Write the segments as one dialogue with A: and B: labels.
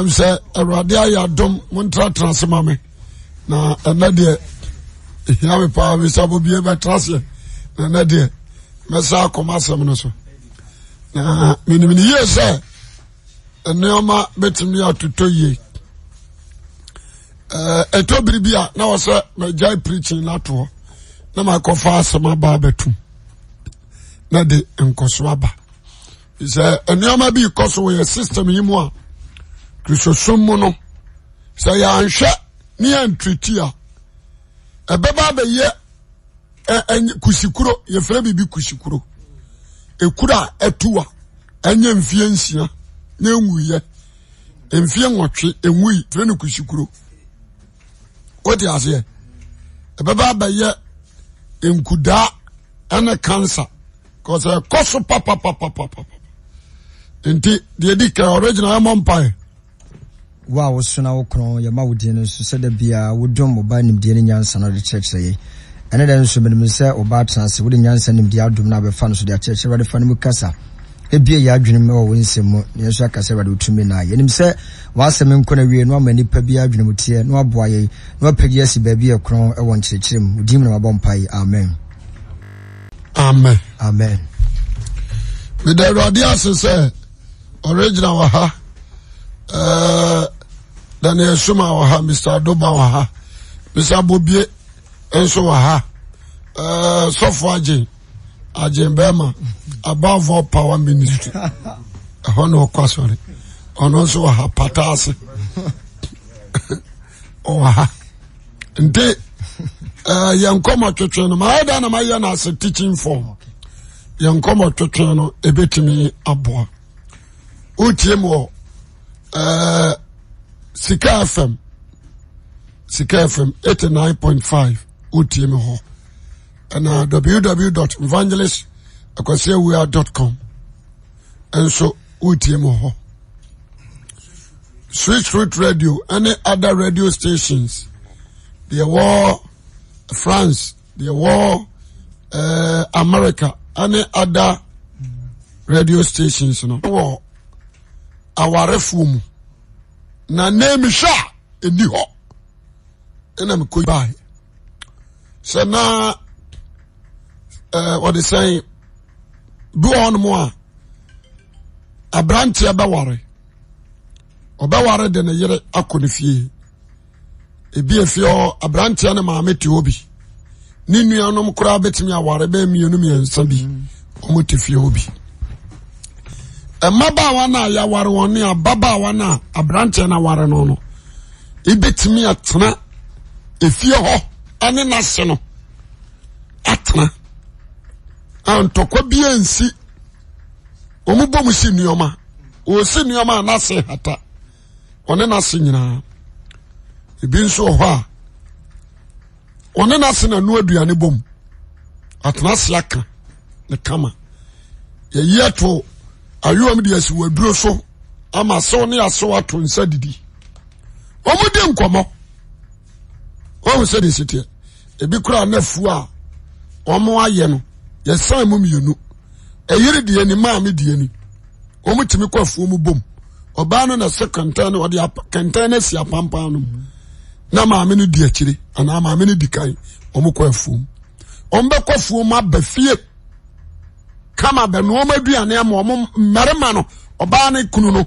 A: m sɛ awurade ayɛ adom montratena ase ma me na ɛnɛ deɛ ɛhia me paa me sɛ bobie bɛtra seɛ na ɛnɛ deɛ mɛsa akɔma asɛm no so na menim ne yie sɛ nneɔma bɛtumi atotɔ yie ɛtɔ biri bi a na wɔ sɛ magyae preaching no atoɔ na makɔfa asɛm aba abɛtum na de nkɔso aba sɛ nneɔma bi kɔ so wɔyɛ system yi mu a kristosom mu no sɛ yɛanhwɛ ne yɛntriti a ɛbɛba bɛyɛ kusikuro yɛfrɛ biribi kusikuro ɛkuro a atuwa ɛnyɛ mfie nsia na ɛwuyɛ mfie nwɔtwe ɛwui frɛ no kusikuro wote aseɛ ɛbɛba bɛyɛ nkudaa ɛne cancer cause ɛkɔ so papapapapapa nti deɛ di ka original ɛmɔ mpae
B: wo a wo so na wo korɔn yɛma wo din no so sɛda biaa ba nimdeɛ no nyansa no de kyerɛkyerɛ yɛ ɛne dɛ nso menim sɛ wo ba atena ase wode nyansa nimdeɛ adom no abɛfa no so de akyerɛkyerɛ wade fa no mu kasa ebie yɛ adwene mu wɔ wo nsɛm mu ne nso aka wade wotumi no a yɛnim sɛ w'asɛm nkɔ no awie na wama nnipa bi adwene mu teɛ na waboa yɛi na wapagye asi baabi yɛ korɔn ɛwɔ nkyerɛkyerɛ mu wo din mu na wabɔ mpae amen amen amen
A: meda awurade ase sɛ ɔregina wɔ ha daniel eh, suma wɔ ha mr adoba wɔ ha mr abobie nso wɔ ha eh, sɔfo agye agye bɛrima abavoɔ power ministry ɛhɔ na ɔkɔ asɔre ɔno nso wɔ ha pata ase ɔwɔ ha nti eh, yɛn nkɔmɔ twetwe no maa ɛda na ma yɛ no ase teaching form yɛn nkɔmɔ twetwe no ebetumi aboa wotie mu wɔ. sika fm sika fm 89.5 wotie and hɔ ɛna www evangelist akwasiawia com nso wotie hɔ Sweet Radio ɛne other radio stations deɛ wɔ France deɛ wɔ uh, America ɛne other radio stations no wɔ awarefoɔ mu na namehwɛ eh, a ɛni hɔ ɛnamkɔba sɛ na ɔde sɛn bi wɔ hɔnom a aberanteɛ bɛware ɔbɛware de ne yere akɔ no fie ebi efie hɔ aberanteɛ ne maame te hɔ bi ne nuanom koraa bɛtumi aware bɛɛ mmienu mmiɛnsa bi ɔmo te fie hɔ bi mmabaawa na a yɛaware wɔ ne ababaawa na a aberanteɛ no aware no no ɛbɛtumi atena ɛfie hɔ ɛne nase no atena ntɔkwa bia nsi ɔmubɔ mu si nneɔma ɔsi nneɔma a nase hata ɔne nase nyinaa ebi nso wɔ hɔ a ɔne nase nano aduane bom atena ase aka ne kama yɛyi ato ayowam de asi waduro so ama sew ne asew ato nsa didi ɔmo de nkɔmɔ ɔmo sɛ de si teɛ ebi kura ne fu a ɔmo ayɛ no yɛsan mu mmienu ɛyere deɛ ni maame deɛ ni ɔmo tumi kɔ afuo mu bom ɔbaa no na ɛsɛ kɛntɛn no ɔde kɛntɛn no asi apampan no na maame no di akyire anaa maame no di kan ɔmo kɔ afuo mu ɔmo bɛkɔ afuo mu aba fie. kama bɛnoɔma aduane ama ɔmo mmarima no ɔbaa ne kunu no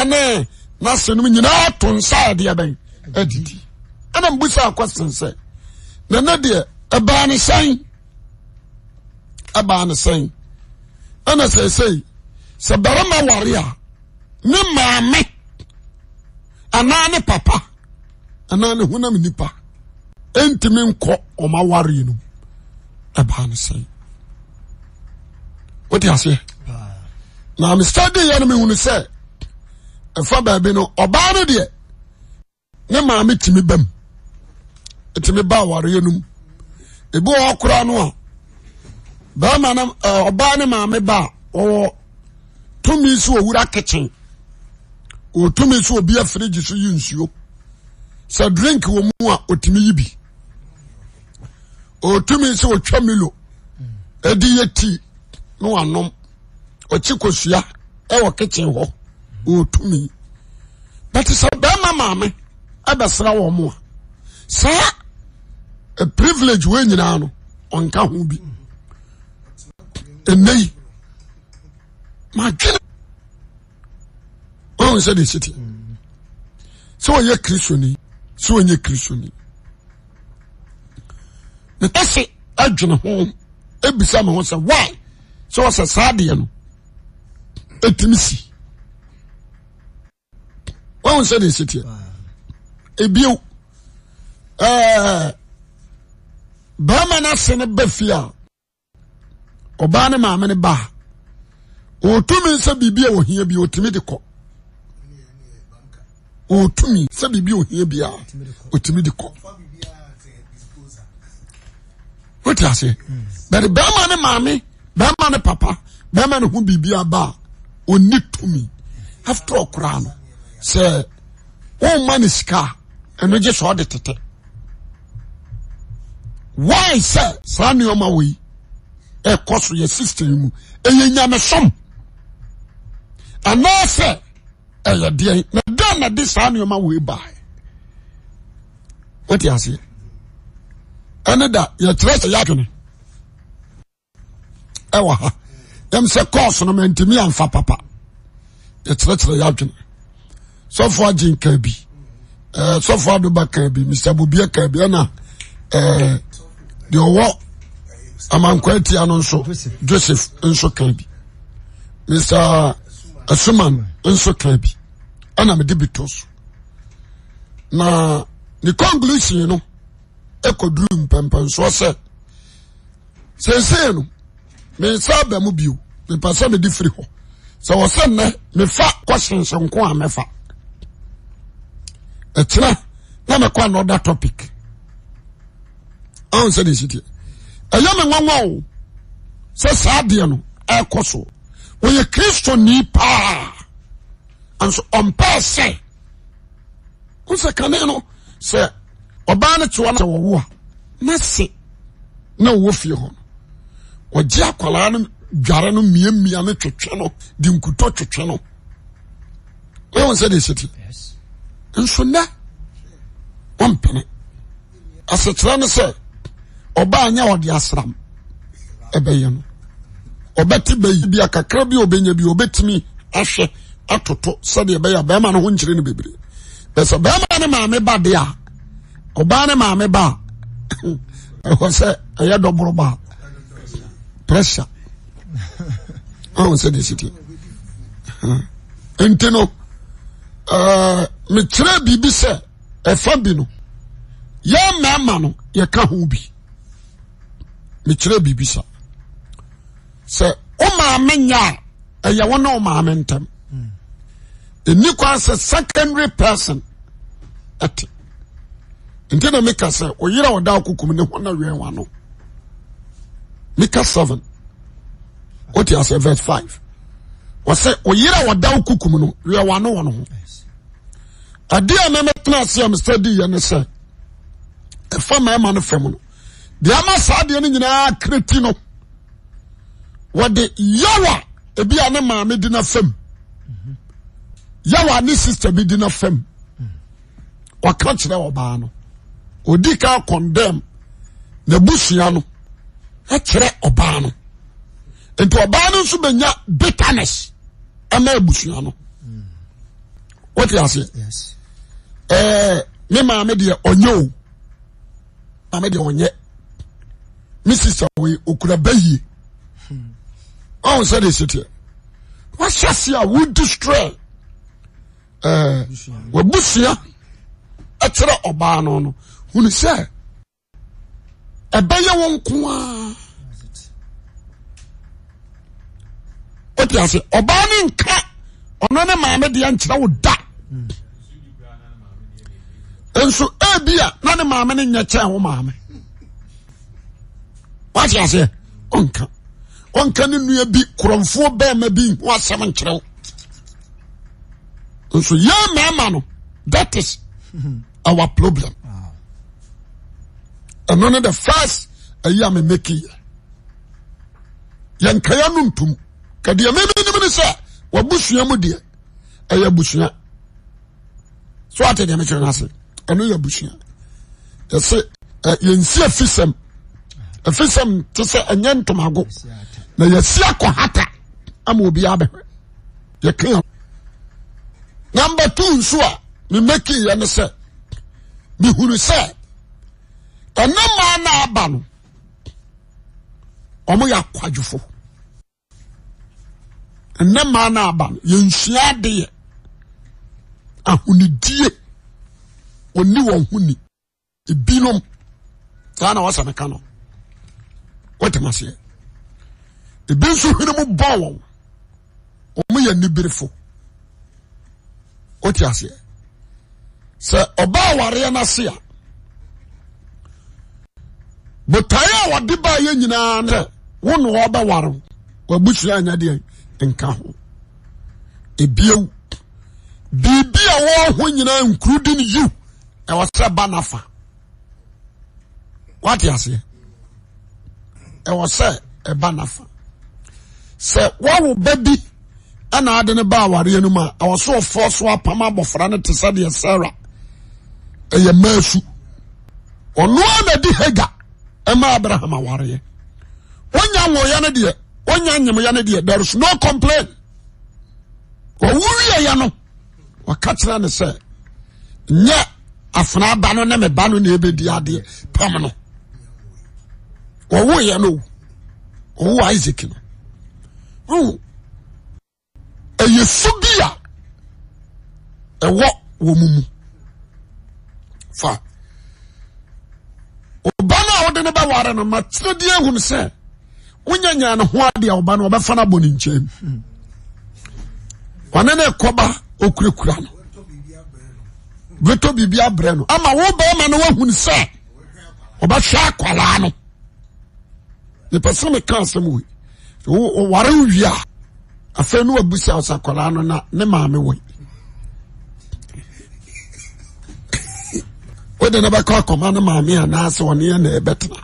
A: ɛne n'asenom nyinaa to nsa adeɛ bɛn adidi ɛna mbu sa akɔsen na ne deɛ ɛbaa ne sɛn ɛbaa ne sɛn ɛna sɛsei sɛ barima ware a ne maame anaa ne papa anaa ne honam nipa ɛntimi nkɔ ɔma ware no ɛbaa ne sɛn wote aseɛ na mestadi yɛ no mehunu sɛ ɛfa baabi no ɔbaa no deɛ ne maame tumi bam ɛtumi ba awareɛ nom ebi wɔ koraa no a bɛrima no ɔbaa ne maame ba a wɔwɔ tumi so owura kitchen wɔtumi so obi afirigye so yi nsuo sɛ drink wɔ mu a ɔtumi yi bi ɔtumi so ɔtwa milo ɛdi yɛ tii na wanom ɔkyi kosua ɛwɔ kitchen hɔ ɔtumi but sɛ bɛrima maame ɛbɛsra wɔ mo a saa a privilege wei nyinaa no ɔnka ho bi ɛnɛ yi madwene ɔhu sɛ de siti sɛ ɔyɛ kristoni sɛ ɔnyɛ kristoni ne tɛ se adwene ho ebisa me ho sɛ why sɛ wɔsɛ saa deɛ no ɛtumi si wahu sɛ de ɛsitiɛ ebio bɛrima no ase no ba fie a ɔbaa ne maame no baa ɔtumi sɛ biribi a ɔhia bi ɔtumi de kɔ ɔtumi sɛ biribi a ɔhia bi a ɔtumi de kɔ wote aseɛ bɛde bɛrima ne maame bɛrima ne papa bɛrima ne ho biribi aba a ɔni tumi after ɔkora no sɛ wɔnma ne sika a gye sɛ ɔde tete why sɛ saa nneɛma wei ɛkɔ so yɛ system mu ɛyɛ nyamesom anaasɛ ɛyɛ deɛ na dɛn na de saa nneɛma wei baeɛ wote aseɛ ɛne da yɛkyerɛ sɛ yɛadwene ɛwɔ ha yɛm sɛ kɔɔso no mantimi amfa papa yɛkyerɛkyerɛ e yɛadwene sɔfoɔ agye eh, nka bi sɔfoɔ adoba ka bi mr e bobia ka bi e ɛna eh, deɛ ɔwɔ amankwa atia no nso joseph nso ka bi mr asuman eh, nso ka bi ɛna mede bi to so na ne conclusion no ɛkɔduru mpɛmpɛnsoɔ sɛ seesei no mensa ba mu bio mepɛ sɛ mede firi hɔ sɛ wɔ sɛ nnɛ mefa nko a fa ɛkyerɛ na mɛkɔ another topic ahu sɛ ne sitiɛ ɛyɛ me nwanwa o sɛ saa deɛ no ɛɛkɔ so wɔyɛ kristoni paa nso ɔmpɛɛ sɛ wo sɛ kane no sɛ ɔbaa no kyewa no sɛ wɔwo a na se na wɔwɔ fie hɔ no ɔgye akwalaa no dware no mmiamia no twetwe no de nkutɔ twetwe no wɔyɛ sɛ de ɛsɛti nso nɛ ɔmpene asekyerɛ no sɛ ɔbaa nyɛ ɔde asram ɛbɛyɛ no ɔbɛte bɛyi bi akakra bi ɔbɛnya bi ɔbɛtumi ahwɛ atoto sɛdeɛ ɛbɛyɛ bɛrima no ho nkyerɛ no bebree bɛsɛ bɛrima ne maame ba de a ɔbaa ne maame ba a ɛwɔ sɛ ɛyɛ dɔboro ba pressure ɔn sɛ de siti nti no ɛɛ eh, mekyerɛ biribi sɛ ɛfa bi no yɛn mmarima no yɛka ho bi mekyerɛ biribi sa sɛ wo maame nya a ɛyɛ wo ne wo maame ntɛm ɛni kwan sɛ secondary person ɛte nti na meka sɛ wo yerɛ wo da ne ho na wɛn wa no mika seven o ti ase verse five wɔsɛ oyere oh, a wɔda wo kukum no wia wano wɔ no ho adeɛ a mɛmɛtena ase a mesɛ di yɛ ne sɛ ɛfa mɛɛma no fam no deɛ ama saa deɛ no nyinaa kreti no wɔde yawa ebi a ne maame di na fam yawa ne sister bi di na fam wɔka kyerɛ ɔbaa no odi ka condemn na busua no kyerɛ ɔbaa no nti ɔbaa no nso bɛnya bitterness ma abusua no wote aseɛ eh, me maame deɛ ɔnyɛ o maame deɛ ɔnyɛ me sisa wei okura ba yie ɔn sɛ de siteɛ wahyɛ se a wo destroy eh, wabusua ɛkyerɛ ɔbaa no no hunu sɛ ɛbɛyɛ wɔn nko wote ase ɔbaa ne nka ɔno ne maame deɛ nkyerɛ wo da nso ebi eh, a na ne maame ne nyɛ kyɛn wo maame wate aseɛ ɔnka ɔnka ne nua bi korɔmfoɔ bɛrima bi nhu asɛm nkyerɛ wo nso yɛn mmarima no that is our problem ɛno ne the first ayi a me make yɛ yɛnka no ntom kadeɛ memnim no sɛ wɔbu sua mu deɛ ɛyɛ abusua so at deɛ mekerɛse ɛno yɛbusua ɛyɛnsi eh, afisɛ ɛfsɛm nte sɛ ɛnyɛ ntomago na yɛsia kɔhaa maobiabhɛ yɛ namba tu nsu a memaki ɛ ne sɛ mehuru sɛ ɛna maa na aba no ɔmoyɛakw adwufo ɛnɛ maa na aba no yɛnsua adeɛ ahonidie ɔni wɔn ho ni ebinom saa na wɔsɛ meka no wɔtɛm aseɛ ebi nso hwene mu bɔ wɔn wɔn yɛ nibirifo wɔte aseɛ sɛ ɔbaa awareɛ n'ase a botae a wɔde baa yɛ nyinaa na wɔbɛware wɔn abusua nka ho ebiew biribi a wɔho nyinaa nkuru di ne yiw ɛwɔ sɛ ba nafa wate aseɛ ɛwɔ sɛ ɛba nafa sɛ wawo ba bi ɛna ade ne ba awareɛ no mu a ɛwɔ so ɔfɔ so apam abɔfra no te sɛdeɛ sara ɛyɛ maasu ɔno a na di haga ɛma abraham awareɛ wonya ya no deɛ wonya nyemeya no deɛ there is no complain ɔwurieɛ no wɔka kyerɛ ne sɛ nyɛ afena ba no ne meba no na ɛbɛdi adeɛ pam no ɔwoyɛ no ɔwo isaac no ɛyɛ su bi a ɛwɔ wɔ mu fa ɔba no a wode no bɛware no makyerɛ deɛ ahu no wonyanya ne ho a ɔba no ɔbɛfa no abɔ ne nkyɛn wane ne ɛkɔba ɔkurakura no bɛtɔ biribi abrɛ no ama wo bɛrima no woahunu sɛ ɔbɛhwɛ akwalaa no yɛpɛ sɛ meka asɛm wei ware wo wie a afei no wabu sɛ ɔsɛ akwalaa no na ne maame wei wode ne bɛkɔ akɔma ne maame anaasɛ ɔneɛ na ɛbɛtena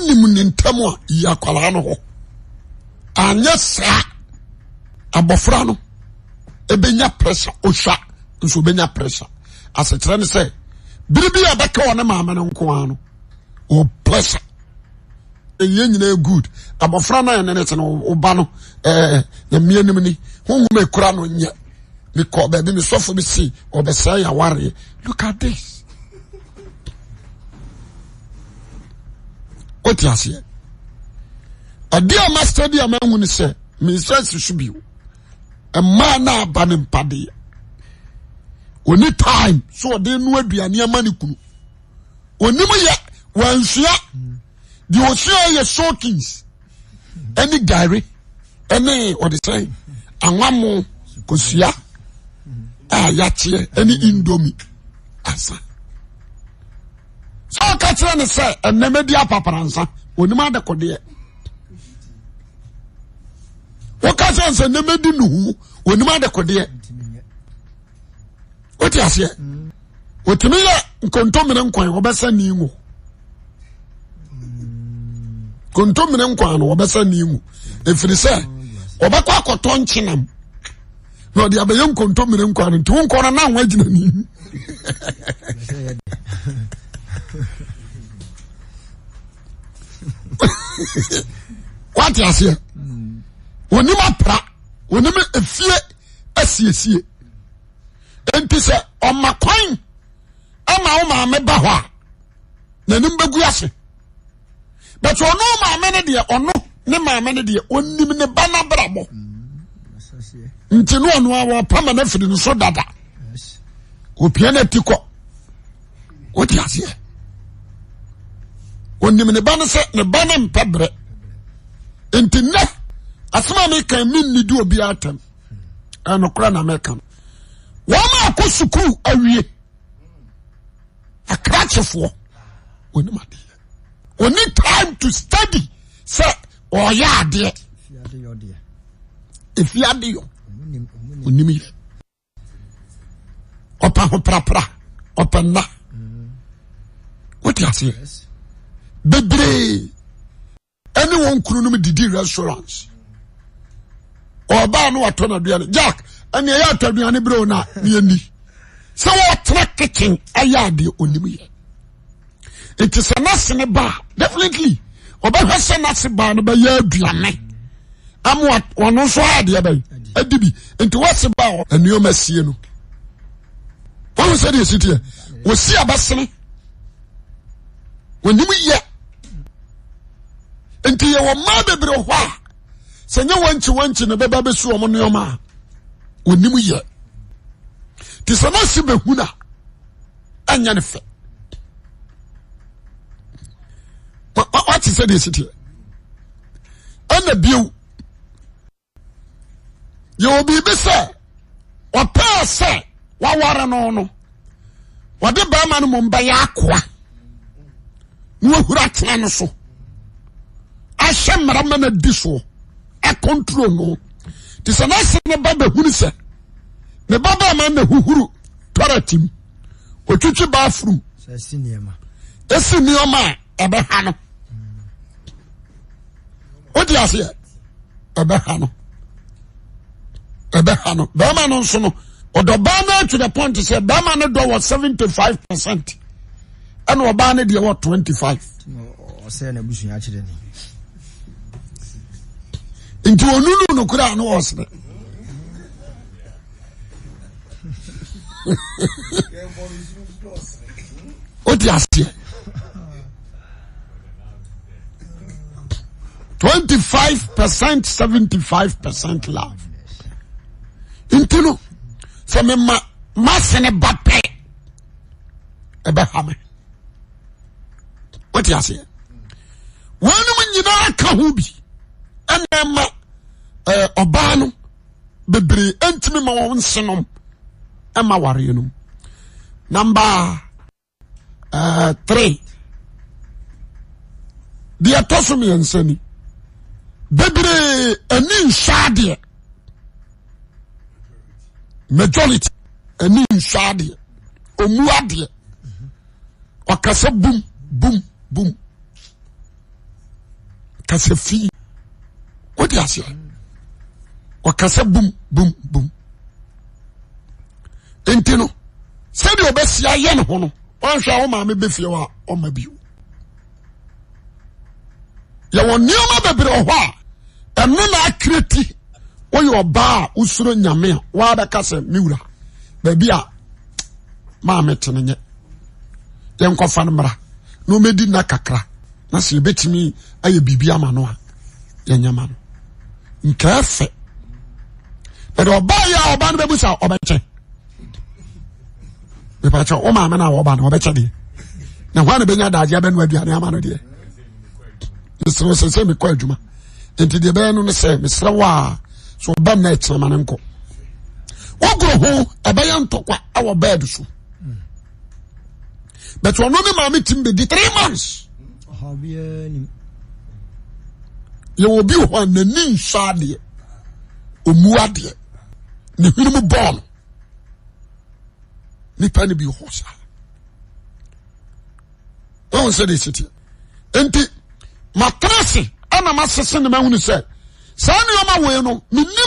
A: wonim ne ntam a yi akwaraa no hɔ anyɛ saa abɔfra no ɛbɛnya pressure ohwa nso ɔbɛnya pressure asekyerɛ ne sɛ bere bi a bɛka wɔ ne maame no nko ara no wɔ pressure ɛyɛ nyinaa good abɔfra no ɛne ne te no woba no ɛɛ na nim ni honhom ekura no nyɛ mekɔ baabi mesɔfo bi si ɔbɛsɛe awareɛ look at this wote aseɛ ɛde a ma stadium ahu no sɛ mensansi so bio ɛmaa no aba ne mpadeɛ ɔni time so ɔde no aduane ama ne kunu ɔnim yɛ wansua deɛ ɔsua yɛ sokins ɛne gare ɛne ɔde sɛ anwamo kosua a yɛakyeɛ ɛne indomie, asa sɛ ɔka kyerɛ ne sɛ ɛnɛmɛdi apaparansa onim adekodeɛ woka kyerɛ ne sɛ ɛnɛmɛdi nuhu onim adekodeɛ wote aseɛ otumi yɛ nkontomire nkwan wɔbɛsɛ ni ngo nkontomire nkwan no wɔbɛsɛ ni ngo efiri sɛ wɔbɛkɔ akɔtɔ nkyenam na ɔde abɛyɛ nkontomire nkwan no nti wo nkɔ no na gyina ni wate aseɛ onim apra onim efie asiesie enti sɛ ɔma kwan ama wo maame ba hɔ a n'anim bɛgu ase bɛtɛ ɔno maame no deɛ ɔno ne maame no deɛ onim ne ba n'abrabɔ nti ne ɔno a wɔpama no afiri nso dada opia no ati kɔ wote aseɛ onim nebane sɛ ne bane mpɛ bre enti nɛ asem ameka me niduobiaa tem nokora n meka wamaako sukuu awie akrachefoɔ onimadeyɛ oni time to study sɛ ɔyɛ adeɛ ɛfie adeyo onimyɛ ɔpɛho prapra ɔpɛnna wetiaseɛ bebree ɛne wɔn kununom didi restaurants ɔbaa no watɔ n'aduane jack ɛnea yɛ atɔ aduane bere ona yɛni sɛ wɔtena kitchen ɛyɛ adeɛ onim yɛ nti sɛ nase ne ba definitely ɔbɛhwɛ sɛ nase ba no bɛyɛ aduane ama ɔno nso adeɛ bɛyi adi bi nti wɔse ba nneɛma sie no wɔn sɛ deɛ si teɛ wɔsi abɛsene wɔnim yɛ. nti yɛwɔ mma bebre hɔ a sɛ nyɛ wɔnkyiwankye ne bɛba bɛsu ɔ m nneɔma a ɔnim yɛ nti sɛ naase bɛhu nua ɛyɛ ne fɛ wate sɛ deɛɛsieɛ ɛna bio yɛwɔbiribi sɛ wɔpɛɛ sɛ woaware no no wɔde baa ma no mombɛyɛ akoa na wahura atena no so ahyɛ mmara ma no di soɔ ɛkɔntro no nti sɛ n'asɛ ne ba bɛhunu sɛ ne ba baa ma na huhuru tɔrɛti mu otwitwi baafuru
B: esi nneɛma
A: a ɛbɛha no o di aseɛ ɛbɛha no ɛbɛha no bɛrima no nso no ɔdɔ no to the point sɛ bɛrima no dɔ wɔ seventy five percent ɛna ɔbaa no deɛ wɔ twenty five.
B: ɔsɛ na busua akyerɛ ni.
A: nti onunu no kura no ɔsere aseɛ 25 percent 75 percent love nti no sɛ ma masene ba pɛ ɛbɛha me wote aseɛ wɔnom nyinaa ka ho bi ɛna ɛma Eh, ɔba no bebree ntimi ma wo nse nom ma wareɛ no namba eh, tr deɛ to so miɛnsa ni bebree ani nswaadeɛ majority aniswadeɛ muadeɛ kasa bm b kasa fi odiaseɛ ɔkasa bum bum bum nti no sɛdeɛ ɔbɛsia yɛ ne ho no ɔnhwɛ a ɔmaame bɛfie wɔ a ɔma bio yɛwɔ nneɛma bebree hɔ a ɛno na akireti woyɛ ɔbaa a wosoro nyame a waabɛka sɛ me wura baabi a maame te no nyɛ yɛnkɔfa no mmara na ɔmɛdi nna kakra na sɛ yɛbɛtumi ayɛ biribi ama no a yɛnyɛma no nkaɛfɛ ɛde ɔba yi a ɔba no bɛbu sa ɔbɛkyɛ mepɛkyɛ wo maame na a wɔba na ɔbɛkyɛ deɛ na hɔ a na bɛnya daagye bɛno aduane ama no deɛ adwuma nti deɛ bɛyɛ no no sɛ nkɔ ho ɛbɛyɛ e ntɔkwa ɛwɔ bed so ɔno ne maame di three months bi hɔ n'ani nsɔ adeɛ adeɛ ni matenase ɛnamasese ne mawuno sɛ saa neɔma wei no meni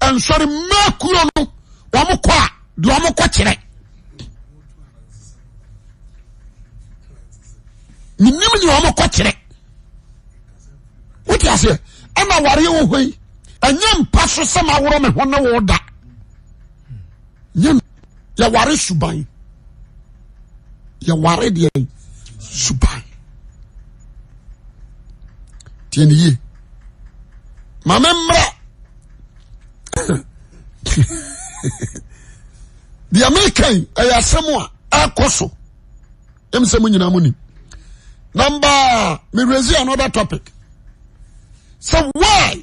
A: nsɔremakuo no mokɔ a de k kyerɛ enne mokɔ kyerɛ wotaseɛ ɛna ware wohi ɛya pa so sɛ maworɔ me hɔn woda yam yɛware suban yɛware deɛ suban tiɛni yie maame mmerɛ deɛ mekan ɛyɛ asɛm a ɛkɔ so ɛm sɛ mo nyinaa mo nim another topic sɛ why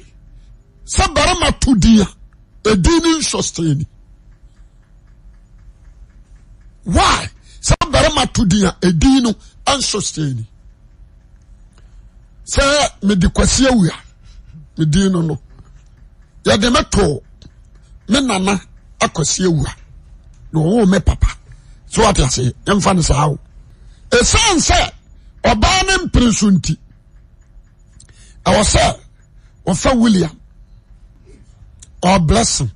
A: sɛ barima to a ɛdin ne why sɛ barima to din a ɛdin no ɛnso sɛni sɛ mede kwasi awia medin no no yɛde me too me nana akwasi awua na ɔwoo me papa so wate ase yɛmfa no saa wo ɛsiane sɛ ɔbaa ne mpere so nti ɛwɔ sɛ wɔfa william ɔblessing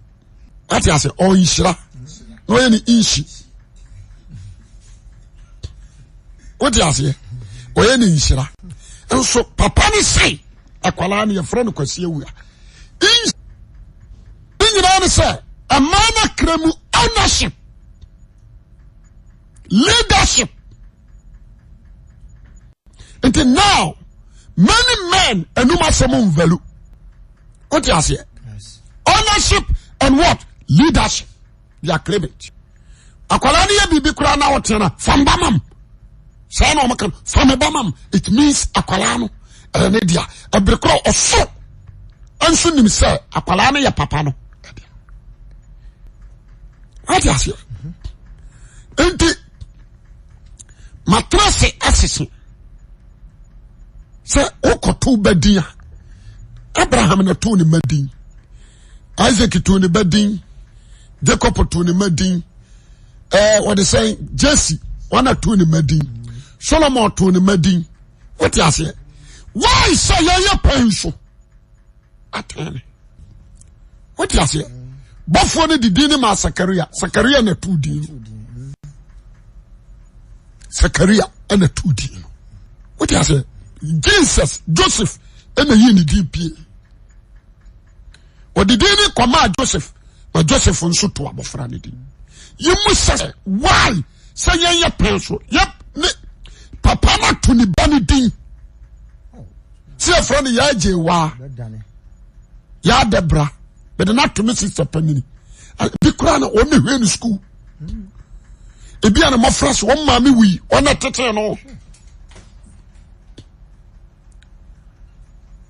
A: wate ase ɔnhyira na ɔyɛ ne inhyi wotɛɛne ira nso papano se akwala n yfrɛnokaswyina n sɛ amanakramu ownership leadership nti now manymen anum asɛmmvalu wotseɛ oneship an what leadership thea clent wala nyɛ birbi ora natafabama feanarrs nsnim se waypapanti matrase asesi se woko to badina abraham na tone madin isek tone badin jakop tone madin dese jesse wane tone madin solomon too ne madin wote aseɛ wai sɛ yɛyɛ pɛn so atane wote aseɛ bɔfoɔ no didin ne ma sakaria sakaria na too din no sakaria ɛna too din no wote jesus joseph ɛna yii ne din pie ɔde din ne kɔmaa joseph na joseph nso to abɔfra ne din yi mu sɛ wai sɛ yɛyɛ pɛn so yɛ ne papa no ato ne ba no din sɛ yɛfrɛ no yɛagye waa yɛada bra mede no atome sister pamini bi koraa no ɔne hwɛ no skuul ebia ne mmɔfra so wɔmmaa me wui ɔna tetee no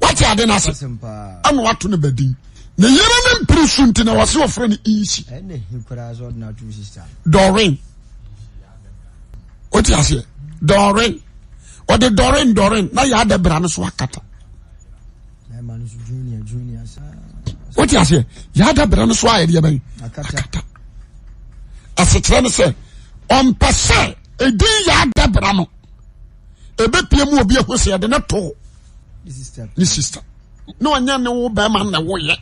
A: wate ade no ase ana wato no badin na yere no mpiri so nti na wɔse wɔfrɛ no insi dɔren wote aseɛ dɔre ɔde dɔre dɔre na yɛ adabra no so akata wote aseɛ yɛ adabra no so ayɛ deɛ bɛn akata asekyerɛ no sɛ ɔmpɛ sɛ ɛdin yɛ adabra no ɛbɛpie mu obi ahu sɛ yɛde ne too ne sister na ɔnyɛ ne wo bɛrima na woyɛ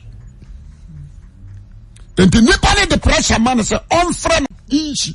A: nti nnipa ne depression ma no sɛ ɔmfrɛ no nhyi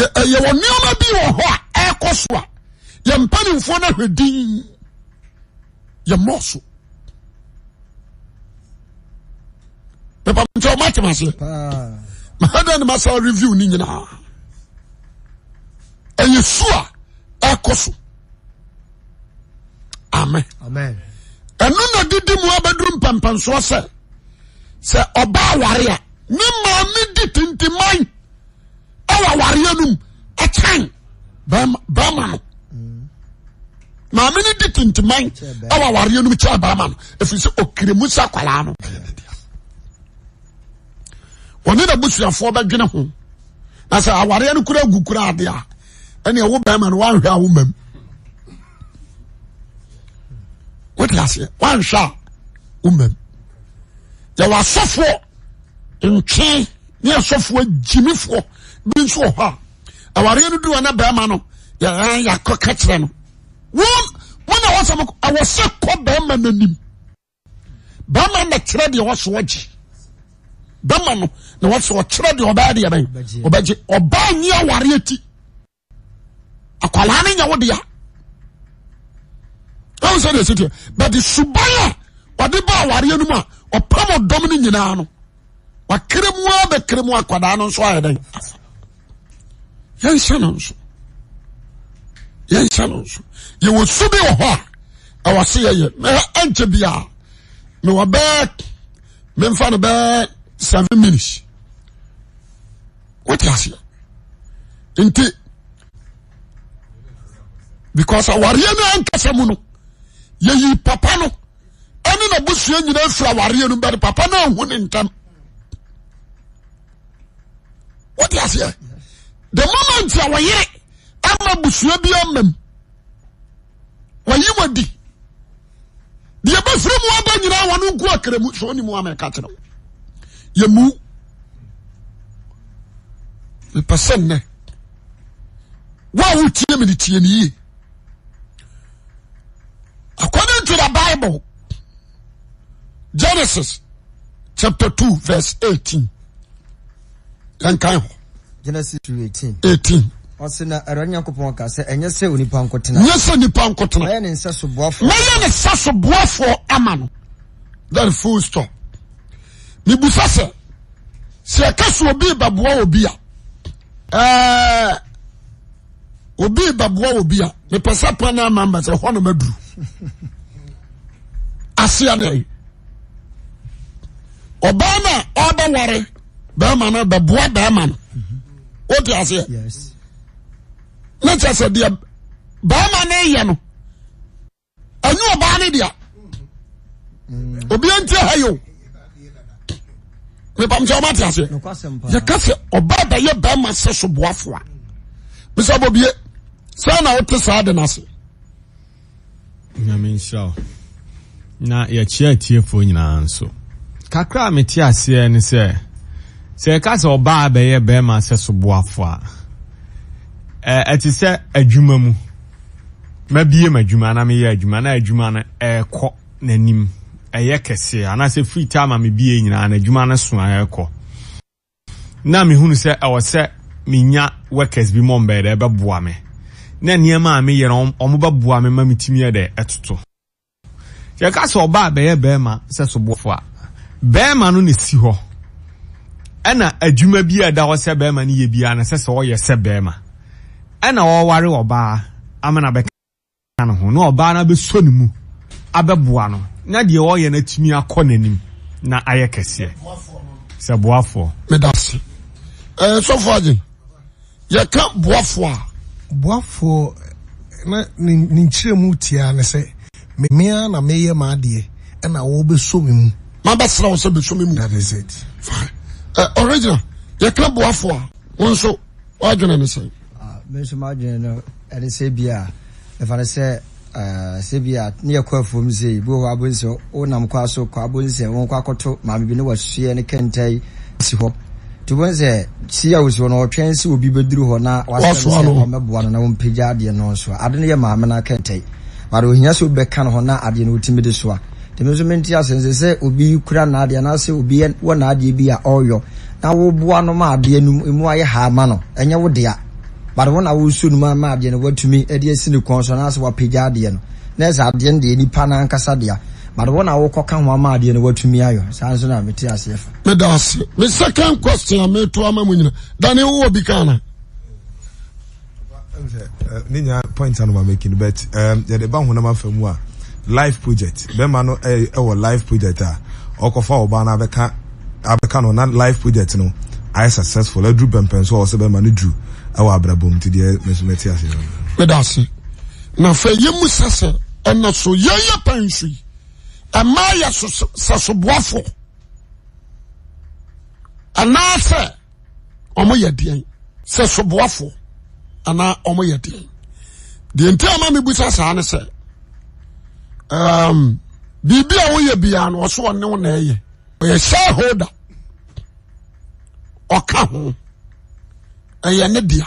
A: yɛwɔ eh, nneɔma bi wɔ hɔ a ɛko so a yɛmpani mfoɔ no ahwɛ din yɛmɔ so ɛpatɔmatemaseɛ aada nimasa review no nyinaa ɛyɛsu a ɛko so ame ɛno na didi mu abaduro mpɛmpɛnsoɔ sɛ sɛ ɔba ware a ne maa medi tenteman ɛwɔ awareɛ nom ɛkyɛn bɛrima no maame no di tintiman ɛwɔ awareɛ nom kyɛn bɛrima no ɛfiri sɛ okiremu sa kwaraa no wɔne n'abusuafoɔ bɛdwene ho na sɛ awareɛ no kura agu kura adeɛ a ɛnna ɛwɔ bɛrima no wanhwɛ awo mam wote aseɛ wanhwɛ a wo mam yɛwɔ asɔfoɔ ntwe ne asɔfoɔ gyimifoɔ bi nso wɔ hɔ a awareɛ no duwa na bɛrima no yɛran yɛakɔ ka kyerɛ no wɔn wɔn a wɔsɛ awɔ sɛ kɔ bɛrima n'anim bɛrima na kyerɛ deɛ wɔsɛ wɔgye bɛrima no na wɔsɛ wɔkyerɛ deɛ ɔbɛyɛ deɛ bɛyɛ ɔbɛgye ɔbaa nyi awareɛ ti akwalaa ne nya wo dea ɛwɔ sɛ deɛ ɛsi teɛ bɛde suban a wɔde ba awareɛ no mu a ɔpam ɔdɔm no nyinaa no wakere mu a bɛkere mu akwadaa no nso ayɛ dɛn yɛnhyɛ no nso yɛnhyɛ no nso yɛwɔ su bi wɔ hɔ a ɛwɔ se yɛyɛ na ɛnkyɛ bia mewɔ bɛɛ memfa no bɛɛ seven minutes wote aseɛ nti because awareɛ no ankasa mu no yɛyi papa no ɛne na busua nyinaa firi awareɛ no bɛde papa no ahu ne ntam wote aseɛ the moment a wɔyere ama busua biamam wayewa di deabafira mu ada nyina wɔne nkuakramu sɛ nemuwa meka kyerɛo ymu mepɛ sennɛ wawotie mene tienyie akanento ha bible genesis chapt t v 8 nkah genesis 218
B: ɔsɛ na ɛrɛ nyankopɔn ka sɛ ɛnyɛ sɛ onipa nkɔtena nyɛ sɛ nipa nkɔtena mɛyɛ ne nsa
A: soboafoɔ mɛyɛ ne so soboafoɔ ama no that full stop mebusa sɛ sɛ ɛka so obi baboa obi a ɛɛ obi baboa obi a mepɛ sɛ pan ama mba sɛ hɔ nom aduru aseɛ ne ɔbaa no a ɔbɛware bɛrima no bɛboa bɛrima wote aseɛ na kyɛ sɛ deɛ barima ne yɛ no ɛnyɛ ɔbaa ne dea obia nti ha yio mepam sɛ ɔmate aseɛ yɛka sɛ ɔbaa bɛyɛ barima sɛ soboafoa mesɛ bobie sɛ na wote saa de no ase
C: nyame nhyira na yɛkyea atiefoɔ nyinaa nso kakra a mete aseɛ ne sɛ sɛ ɛka sɛ ɔbaa bɛyɛ bɛrima sɛ soboafo a ɛte sɛ adwuma mu mabie ma adwuma na meyɛ adwuma na adwuma no ɛɛkɔ n'anim ɛyɛ kɛseɛ anaasɛ free time a mebie nyinaa na adwuma no so a ɛɛkɔ na mehunu sɛ ɛwɔ sɛ menya workers bi mɔ mbɛɛ dɛ ɛbɛboa me na nneɛma a meyɛ no ɔmo bɛboa me ma metumi yɛ dɛ ɛtoto yɛka sɛ ɔbaa bɛyɛ bɛrima sɛ soboafo a bɛrima no na si hɔ ɛna adwuma bi a ɛda hɔ sɛ bɛrima no yɛ biara no sɛ sɛ ɔyɛ sɛ bɛrima ɛna wɔware ɔbaa amena bɛka no ho na ɔbaa no abɛsɔ ne mu abɛboa no na deɛ ɔyɛ no atumi akɔ n'anim na ayɛ kɛseɛ sɛ boafoɔ medase eh, agye yɛka
A: boafoɔ a boafoɔ na ne nkyerɛ mu tiaa ne sɛ memea na meyɛ maadeɛ ɛna wɔbɛsɔ me mu mabɛsrɛ wo sɛ bɛsɔ me
C: mu
A: original yɛka boafo a wo nso woadwene ne
B: sɛn menso maadwene no ɛne sɛ bi a ɛfa no sɛ sɛ bi a ne yɛkɔ afuom sei bi wɔ hɔ abonsɛ wonam kɔa so kɔ abonsɛ wo kɔ akɔto maame bi ne wasuɛ ne kɛntai si hɔ nti wobɛn si a wosi hɔ no ɔtwɛn sɛ obi bɛduru hɔ na wasɛ sɛ ɔmɛboa no na wompagya adeɛ no nso a ade no yɛ maame no kɛntai bade ohia sɛ wobɛka no hɔ na adeɛ no wotumi de so a tèmi nso mente asɛnse sɛ obi kura n'adeɛ anaasɛ obi wɔ n'adeɛ bi a ɔreyɔ na woboa no ma adeɛ no mu ayɛ ha ama no ɛnyɛ wo dea bade wo na wosuo no ma ma adeɛ no woatumi de asi ne kɔn so anaasɛ wapagya adeɛ no na ɛsɛ adeɛ no deɛ nipa no ankasa dea bade na wokɔka ho ama adeɛ no woatumi ayɔ saa nso na mete aseɛ fa
A: meda ase me second question a meto ama mu nyina dane wowɔ bi ka ana
C: ne nyinaa point a ma making but um, yɛde ba honam afa mu a life project bɛrima no ɛwɔ life project a ɔkɔfa ɔbaa no abɛka abɛka no na life project no ayɛ successful aduru pɛmpɛn so a ɔsɛ bɛrima no duru ɛwɔ abrabɔ mu ti deɛ mɛsoma ti ase. meda ase na fɛ yɛ mu sɛsɛ ɛna
A: so yɛyɛ pɛn so yi ɛmaa yɛ sɛsoboafo anaasɛ ɔmo yɛ deɛn sɛsoboafo anaa ɔmo yɛ deɛn deɛ nti ama mi bu sa saa ne sɛ um, biribi a woyɛ biara no ɔso ɔne wo na ɛyɛ ɔyɛ shareholder ɔka ho ɛyɛ ne dea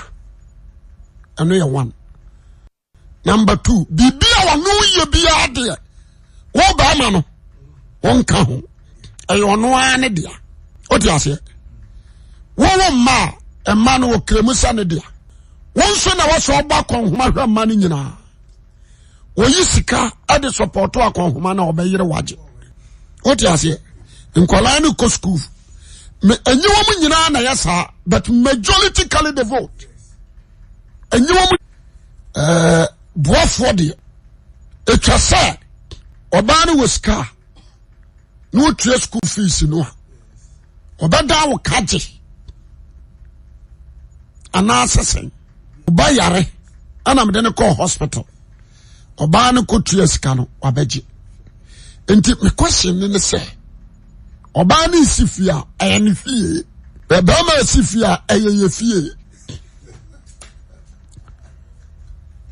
A: ɛno yɛ one number two biribi a ɔne woyɛ biara deɛ wɔbaa ma no wɔnka ho ɛyɛ ɔno ara ne dea wote aseɛ wɔwɔ mmaa ɛma no wɔkiremu sɛ ne dea wɔn nso na wɔsɛ ɔbɔ akɔnhoma hwɛ mma no nyinaa Woyi sika ɛde sɔpɔtɔ akɔnhoma na ɔbɛyere wagye wote aseɛ nkɔlaa ne kɔ school me anyiwa mu nyinaa na yɛ saa but majority kali de vote anyiwa mu ɛɛ boafoɔ deɛ etwa sɛ ɔbaa ne wɔ sika na wotua school fees no a ɔbɛdan wo kagye anaa sɛsɛn ɔba yare ɛna mede ne kɔɔ hospital ɔbaa no kɔtua sika no wabɛgye nti mekɔhye ne ne sɛ ɔbaa no si fie a ɛyɛ ne fie bɛrima si fie a ɛyɛ yɛ fie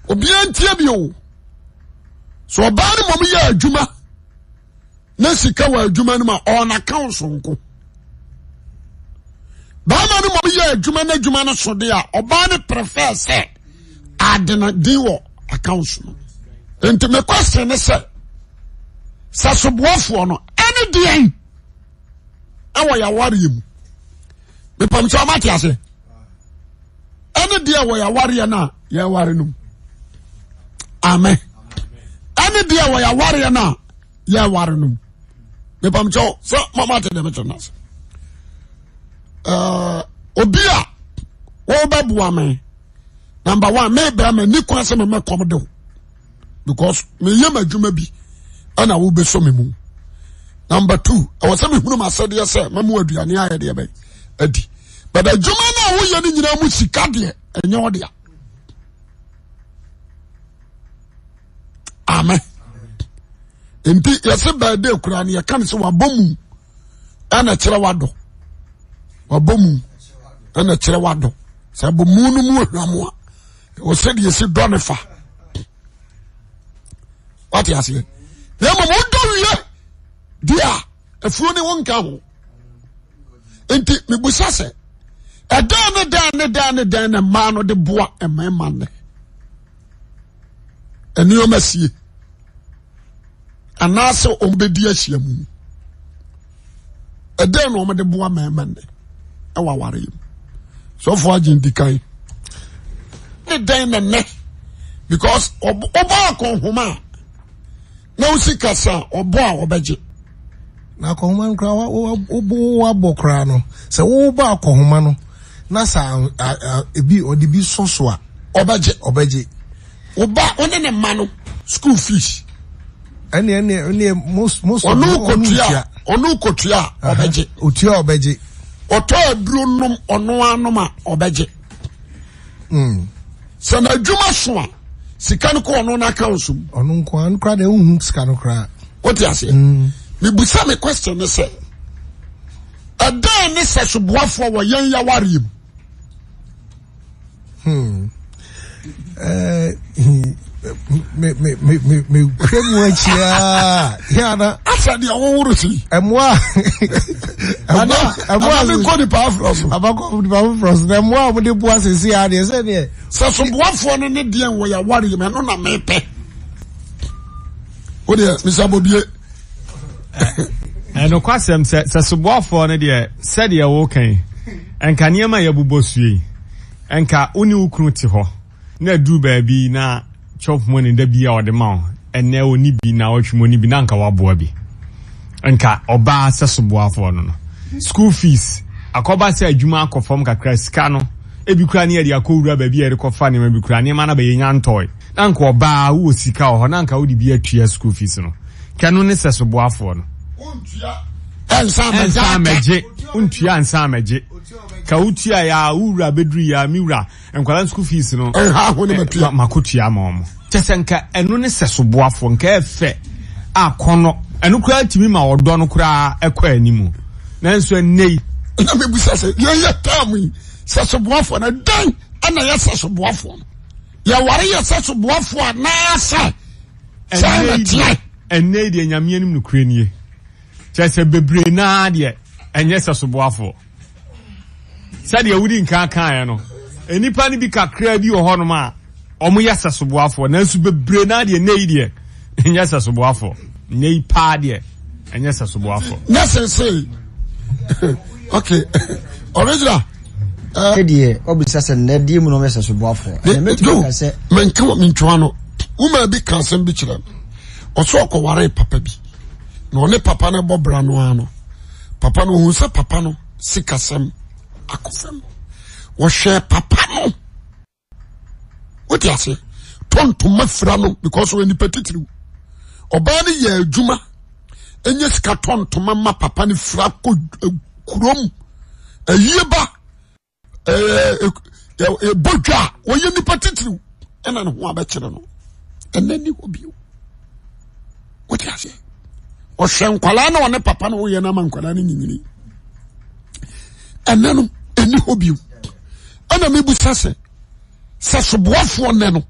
A: obiara ntie bi o sɛ ɔbaa no mmom yɛ adwuma na sika wɔ adwuma no mu a ɔnaka sonko bɛrima no mmom yɛ adwuma na adwuma no so de a ɔbaa no prefer sɛ adenadin wɔ account no nti me question ne sɛ sɛ soboafoɔ no ɛne deɛn ɛwɔ yɛawareɛ mu mepam sɛ ɔmate ase ɛne deɛ wɔ yɛawareɛ no a yɛware no amen ɛne deɛ wɔ yɛawareɛ no a yɛware no mu mepam kyɛ sɛ mamate dɛ mete nase obi a wɔwobɛboa me number one mebɛa ma ni kwan sɛ memɛkɔm de wo because me ma m'adwuma bi ɛna wobɛsɔ me mu number two ɛwɔ sɛ mehunu m'asɛdeɛ sɛ mamu aduane ayɛ deɛ bɛ adi but adwuma no a woyɛ no nyinaa mu sika deɛ ɛnyɛ wo dea amen nti yɛsɛ baade kura no yɛka no sɛ wabɔ mu ɛna kyerɛ wadɔ wabɔ mu ɛna kyerɛ wadɔ sɛ abɔ mu no mu ahwam a ɛwɔ sɛdeɛ si dɔ ne fa wate aseɛ na mmom wodɔ wie deɛ a afuo ne wo nka ho nti mebusa sɛ ɛdan ne dan ne dan ne dan ne mmaa no de boa mmarima nnɛ nneɛma sie anaasɛ wɔn bɛdi ahyia mu ɛdan na wɔn de boa mmarima nnɛ ɛwɔ aware yi sɔfo agye ndi kan ne dan na nnɛ because ɔbɔ akɔnhoma a. na wosi kasa ɔbɔ a ɔbɛgye na akɔhoma no koraa wabɔ koraa no sɛ wowobɔ akɔhoma no na sɛ ebi ɔde bi sɔ so a ɔbɛgye ɔbɛgye woba wone ne ma no school fees ɛne ɛne ɛne most most ɔno kɔtua ɔno kɔtua a ɔbɛgye otua ɔbɛgye ɔtɔ aduro nom ɔno anom a ɔbɛgye hmm. sɛ na adwuma so a sika no kɔ ɔno n'aka so mu. ɔno nko a nkora de ohun sika no kora. o ti ase. mibusa mm. mi question ne sɛ ɛdan ni sɛ soboafoɔ wɔ yɛn yawari mu. ɛɛ hmm. eh, me me me me me kure mu akyi aa asa deɛ wɔn woro si. ɛmoa ɛmoa ɛmoa mi kɔ nipa afro so. abakɔ nipa afro so na ɛmoa a wɔde bu asese a deɛ sɛ deɛ. sɛsoboafoɔ no ne deɛ wɔ yɛ awari yɛ mɛ ɛno na mɛ pɛ.
C: o deɛ misa bɔ bie. ɛnokɔ asɛm sɛ sɛsoboafoɔ no deɛ sɛdeɛ wɔkan nka nneɛma yɛ bobɔ sue nka wo ne wo kunu te hɔ na aduru baabi na kyɛwfom ne da bi a ɔde ma wo ɛnɛ ɔni bi na ɔtwe mu ɔni bi na nka waboa bi nka ɔbaa sɛ soboafoɔ no no school fees akɔba sɛ adwuma akɔ fam kakra sika no ebi kura ne yɛde akɔwura baabi a yɛde kɔfa nneɛma bi kura nneɛma no bɛyɛ nyantɔe na nka ɔbaa wowɔ sika wɔ hɔ na nka wode bi atua school fees no kɛno ne sɛ soboafoɔ no ɛnsa amɛgye wontua nsa amɛgye ka wotua yɛ a wowura bɛduru yɛ a mewura nkwala school fees no makotua ma ɔmo kyɛ sɛ nka ɛno ne sɛsoboafoɔ nka ɛfɛ a kɔnɔ ɛno koraa tumi ma ɔdɔ no koraa ɛkɔ animu nanso ɛnɛ yi. na mebusa sɛ yɛyɛ taamu yi sɛsoboafoɔ no dan ɛna yɛ sɛsoboafoɔ no yɛware yɛ sɛsoboafoɔ a naasa sɛ ɛnɛteɛ ɛnɛ yi deɛ nyameɛ no mu nokorɛ nie kyɛ sɛ bebree naa deɛ ɛnyɛ sɛsoboafoɔ sɛdeɛ wodi nkaa kaeɛ no nnipa no bi kakraa bi wɔ hɔnom a ɔmo yɛ sasoboafoɔ nanso bebree naa deɛ ne yi deɛ nyɛ sasoboafoɔ ne yi paa deɛ ɛnyɛ sasoboafoɔ. nyɛ sese
B: ok original. ɛdeɛ eh. ɔbisa sɛ nnɛ deɛ mu na ɔmɛ sasoboafoɔ.
A: ɛnɛmɛtumi ka sɛ. mɛnka wɔ mintwa no wuma bi ka asɛm bi kyerɛ no ɔsɛ ɔkɔware papa bi na ɔne papa na bɔ bra no ano papa no ohun sɛ papa no sikasɛm akɔfɛm wɔhwɛ papa no wote ase tontoma fira no because wɔn nipa titiri ɔbaa no yɛ adwuma enye sika tontoma ma papa eh, eh, eh, no fira ko kurom ayie ba ɛɛ ɛbɔ dwa a wɔyɛ nipa titiri ɛna ne ho abɛkyerɛ no ɛnɛ ni hɔ bio wote ase ɔhwɛ nkwalaa na ɔne papa no woyɛ no ama nkwalaa no nyinyini ɛnɛ no ɛni hɔ bio ɛna mebu sɛ sɛ sɛ soboafoɔ nɛ no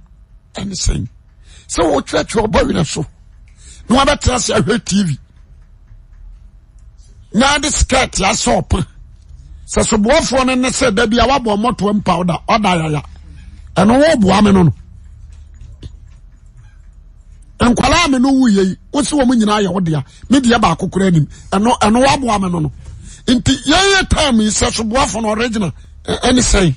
A: ɛne sɛn sɛ wɔtwerɛtwerɛ ɔbɔ werɛ so na wabɛtena ase ahwɛ tv na de skirt asɛ ɔpa sɛ soboafoɔ no ne sɛ da bi a wabɔ mmɔtoa mpa ɔda ɔda yaya ɛno wɔboa me no no nkwalaa me no wuyɛ yi wosi wɔn nyinaa yɛ ɔdea me deɛ baako kura anim ɛno ɛno waboa me no no nti yɛn yɛ taam yi sɛ soboafoɔ no ɔregyina ɛne sɛn.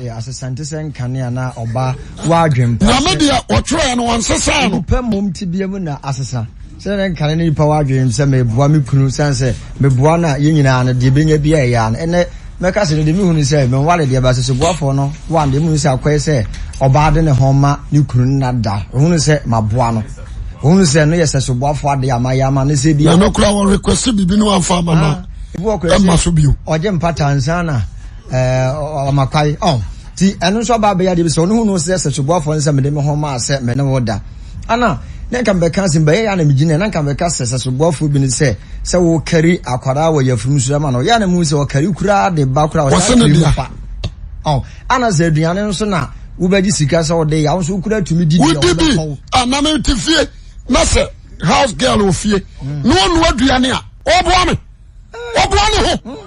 B: Eh, asesante sɛ nkanea na ɔba wadwempa nyame deɛ wɔtwerɛɛ no wɔnsesa no nipa mmom te bia mu na asesa sɛne nkane ne nipa wadwene sɛ meboa me kunu sane sɛ meboa no yɛ nyinaa no deɛ bɛnya bi ɛyɛ no ɛnɛ mɛka sɛ no deɛ mehunu sɛ menwale deɛ ba sɛ no wan deɛ mehunu sɛ akɔɛ sɛ ɔbaa de ne ho ma ne kunu no nada ɔhunu sɛ maboa no ɔhunu sɛ no yɛ sɛ adeɛ ama yɛ no sɛ bi ɛnokora
A: wɔrekwɛsɛ biribi ne wamfa
B: ama no ah. ɛma so bio ɔgye mpata nsa na ɔmakwae eh, ɔn oh, ti ɛno nso aba abɛyɛ adeɛ bi sɛ ɔno hunu sɛ sɛ tubuafoɔ no sɛ mede me ho maa sɛ mene wo da oh, ana ne nka mbɛka sɛ mbɛyɛ yɛ anam gyina na nka mbɛka sɛ sɛ tubuafoɔ bi ne sɛ sɛ wokari akwadaa wɔ yɛfurum so ama no ɔyɛ anam sɛ ɔkari koraa de ba koraa ɔsɛ ne fa ɔn ana sɛ aduane nso na wobɛgye sika sɛ ɔde yɛ ahosuo kura tumi di deɛ ɔbɛkɔ wo.
A: anam ti fie na sɛ house girl wɔ fie na wɔn nua aduane a ɔboa me ɔboa ne ho.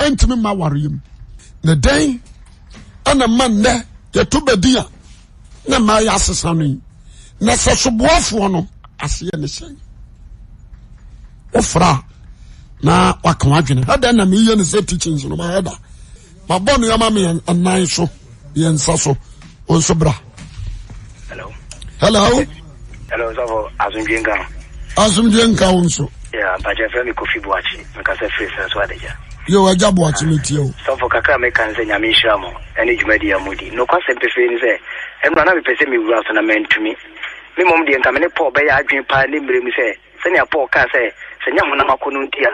A: ɛntumi ma ware yim ne dɛn ɛna ma nnɛ yɛto badi a na ma yɛ asesa no yi na sɛ soboafoɔ no aseɛ ne hyɛn wofra na waka wadwene ɛdɛn na meyɛ ne sɛ teachings no maɛda mabɔ no yɛma me ɛnan so yɛnsa so wo nso bra hello hello
B: hello sɔfo asomdwe nka
A: asomdwe nka wo nso
B: yeah, mpakyɛ frɛ me kofi boakye mekasɛ firi sɛ so adagya
A: yóò wájà bọ̀ àti mi tiẹ̀ o.
B: sọfọ kakra mi kan sẹ nyame nhyira mo ɛne dwumadi ya mo di na ɔkwa sɛm pefee ni sɛ ɛnura na mepɛ sɛ mewura so na mɛntumi me mɔm deɛ nka me ne paul bɛyɛ adwene paa ne mmerɛ mu sɛ sɛnea paul kaa sɛ sɛ nyɛ honam akɔ no nti a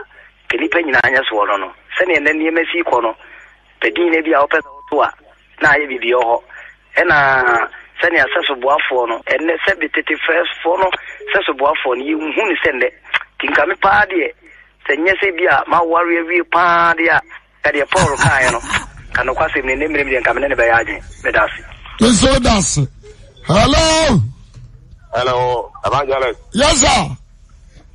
B: ka nnipa nyinaa nyɛ soɔ no no sɛnea na nneɛma sii kɔ no pɛdin na bi a wopɛ sɛ woto a na ayɛ biribiɛ hɔ ɛna sɛnea sɛsoboafoɔ no ɛnnɛ sɛ bi tete fɛsfoɔ no sɛsoboafoɔ no yɛhu ne sɛ sɛ nyɛ sɛ bi a maware awie paa deɛ a ɛdeɛ paul kaeɛ no ka nokwasɛm ne nemmere
D: mdeɛ nka ne bɛyɛ agye meda ase
E: nso da se hello
D: hello evangelist yes sir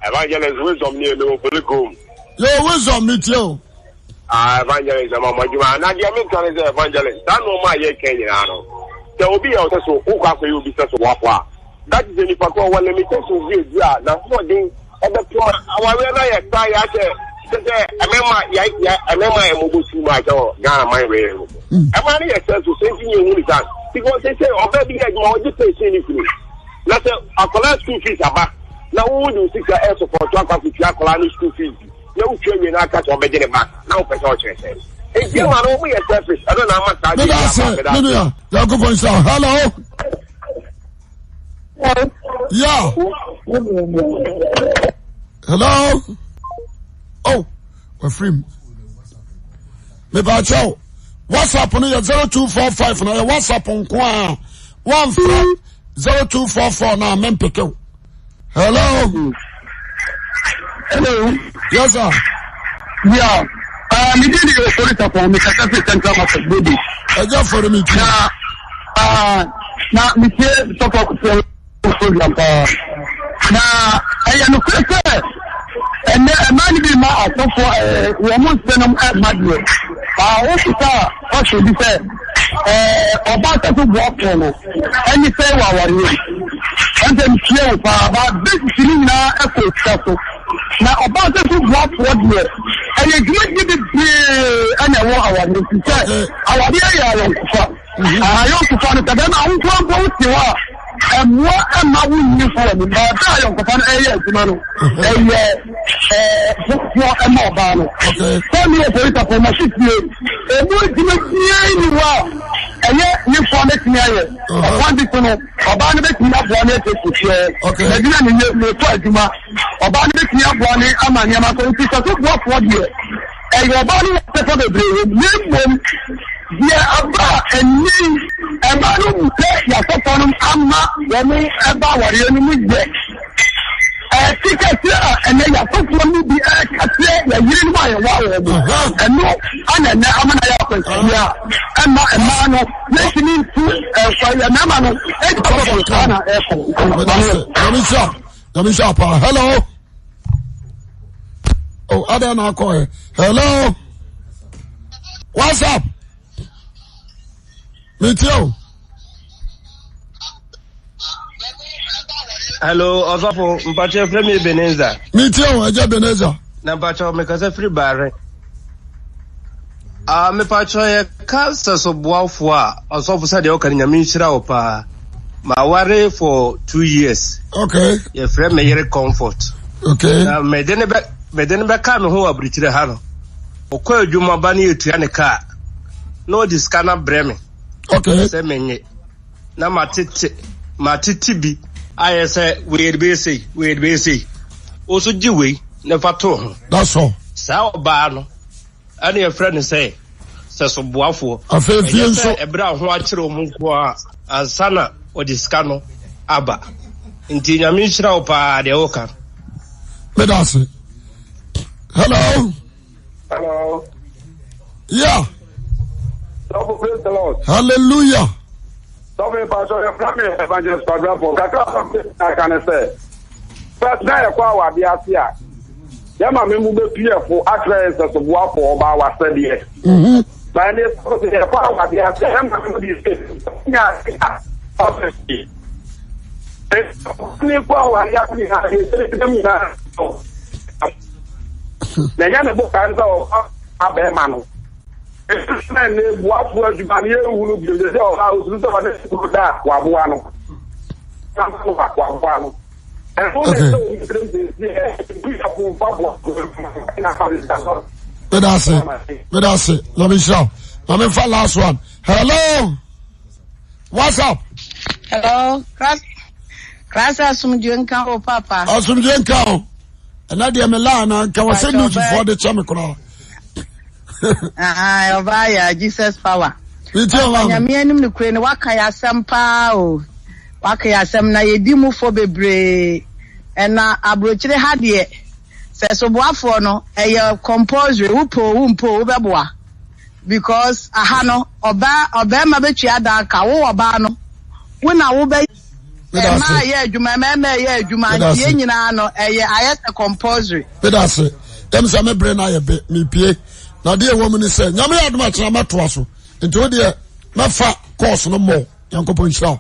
D: evangelist wisdom ne ɛno polikom yo wisdom me tie o ah evangelist ɛma mo adwuma na deɛ menka ne sɛ evangelist saa nnoɔma a yɛka nyinaa no sɛ obi yɛ wo sɛ so wokɔ akɔyɛ obi sɛ so woapɔ a that is anipa kɔ wɔ limitation vie bi a na ɛbɛto ma awareɛ mm. e na yɛ sa yɛ akyɛ sɛ sɛ ɛmɛma yɛ yɛ ɛmɛma yɛ mo bosu mu akyɛ wɔ ghana man wɛ yɛ mo ɛma ne yɛ sɛ so sɛ nti yɛ wuli san because sɛ sɛ ɔbɛ bi yɛ adwuma ɔgye pɛnsin ni firi na sɛ school fees aba na wɔn de osika ɛsopɔtɔ akɔfiti akɔla ne school fees na wotwa wie na aka sɛ ɔbɛgye ne ba na wopɛ sɛ ɔkyerɛ sɛ eti ma no wɔn yɛ sɛ fis ɛno na ama saa de
A: yɛ aba Yeah. Hello. Oh, we're free. mepakyɛw whatsapp no yɛ 0245 na yɛ whatsapp nko a wamfra 0244 na mempekew hello hello yes sir
E: yeah uh, me did the story tap on me kasa fi central market baby ɛgya fɔre me twi na me tie sɔfɔ wonderful program paa na ɛyɛ nokorɛ sɛ ɛnɛ ɛmaa no bi ma asɔfo ɛɛ wɔn mo nsɛ nom ɛma deɛ paa wosu sa a ɔhyɛ bi sɛ ɛɛ ɔba asɔfo buapɔ no ɛne sɛ wɔ awareɛ ɛnta nkyia wo paa baa besisi no nyinaa ɛkɔ sika so na ɔba asɔfo buapɔ deɛ ɛyɛ dwumadie bebree ɛna ɛwɔ awareɛ si sɛ awareɛ yɛ ayɔnkofa ayɔnkofa no sɛ bɛrima ahonkora mpo wote hɔ a ɛmoa ɛma wo nyi fɔlɔ mu na ɛda a yɔnkɔfa no ɛyɛ adwuma no ɛyɛ fofoɔ ɛma ɔbaa no sɛne yɛ sɛrita pɔ mahye fie ɛmu adwuma biaa ni ni hɔ a ɛyɛ nyefoɔ no tumi ayɛ ɔkwan bi so no ɔbaa no bɛtumi aboa no ɛsɛ kɔfiɛ ɛbi na neyɛ neɛtɔ adwuma ɔbaa no bɛtumi aboa no ama nneɛma so nti sɛ sofoɔfoɔ deɛ ɛyɛ ɔbaa no wɔ sɛfɔ bebree wɔ mu na mmom deɛ aba ɛni ɛba no mu sɛ yɛsɔfɔ no ama wɔn ɛba awɔreɛ no mu yɛ ɛtikɛti a ɛnɛ yasɔfoɔ no bi ɛkɛseɛ yɛyiri no mu a yɛwɔ awɔ mu ɛno ana ɛnɛ amana yɛ akwansi a ɛma ɛmaa no yɛtumi ntu ɛfɔ yɛmɛma no ɛdi kɔ kɔ kɔ na ɛkɔ.
A: yamisa yamisa pa hello o adan akɔ yɛ hello whatsapp mi tí o.
D: hello ọsọfọ mpatsọ efere mi ebeneza.
A: mi tí o ẹjẹ beneza.
D: na mpatsọ mekasa firi baare. Uh, mepatsɔ yɛ kansa so boafo a ɔsɔfo sɛdeɛ ɔka no nyame nhyira wo paa maware for two years okay. yɛfrɛ me yere comfort okay. na mede ne bɛka me ho wɔ aburukyire ha no ɔkɔ adwuma ba no yɛtua ne kaa na ɔde sika no brɛ me okay. sɛ menye na matete matete bi ayɛ sɛ weere bɛ ese weere bɛ ese oso gye wei ne fa to ho. dasɔ. saa ɔbaa no ɛna yɛfrɛ no sɛ sɛso boafoɔ.
A: afɛn nso ɛyɛ
D: sɛ ɛbrɛ aho akyerɛ wɔn nko a ansa na ɔde sika no aba nti nyame nhyira wo paa deɛ woka.
A: meda ase hello.
D: hello. yeah.
A: Hallelujah.
D: Sọ́fù ìpàṣọ yẹn Fúlámì Evangelist Padrafo kakra sọ́fù àkànnẹsẹ̀. Fẹ́t náà ẹ̀kọ́ àwọn adé ase à. Yẹ́n maame mu bẹ́ pí ẹ̀fọ́ àtúrẹ̀ ẹ̀ sẹ̀sọ̀bù afọ ọba wa sẹ́díẹ̀. Mhm. Báyọ̀ ní sọ́fù ẹ̀kọ́ àwọn adé ase à. Yẹ́n maame mu bí ṣe ní àti ọ̀sẹ̀ yìí. Ní kó àwọn adé ase à ní ṣẹ́lẹ̀ mi náà. Nẹ̀yẹ́ mi bó kàn sọ abẹ́ẹ̀ma nù ɛsɛn ne buafo adwuma ne yɛhunu bio
A: medase medase nɔmehyira na memfa last one hello whatsapp hello krasa
E: asomdwe nka wo oh, papa asomdwe nka
A: o ɛna deɛ melaa na nka wɔ sɛ newsfoɔ de kyɛ me koraa ɔbaa ah, ah, yɛ jesus power
E: nyame anim no kure no waka yɛ asɛm paa o waka yɛ asɛm na yɛdi mufoɔ bebree ɛna aburokyire ha deɛ sɛ soboafoɔ no ɛyɛ compulsory wopo wompo wobɛboa because aha no ɔbaa ɔbɛrima bɛtua adaka wo ɔbaa no wo na wobɛ ɛmaa yɛ adwuma mɛɛma yɛ adwuma nti nyinaa no ɛyɛ ayɛ
A: sɛ compulsory. pedase ɛmu sɛ me bere na ayɛ be mepie. na adeɛ ɛwɔ mu ne sɛ nyame yɛ adom akyerɛ mɛtoa so nti wodeɛ mɛfa kɔɔso no mmɔ nyankopɔn nhyira wo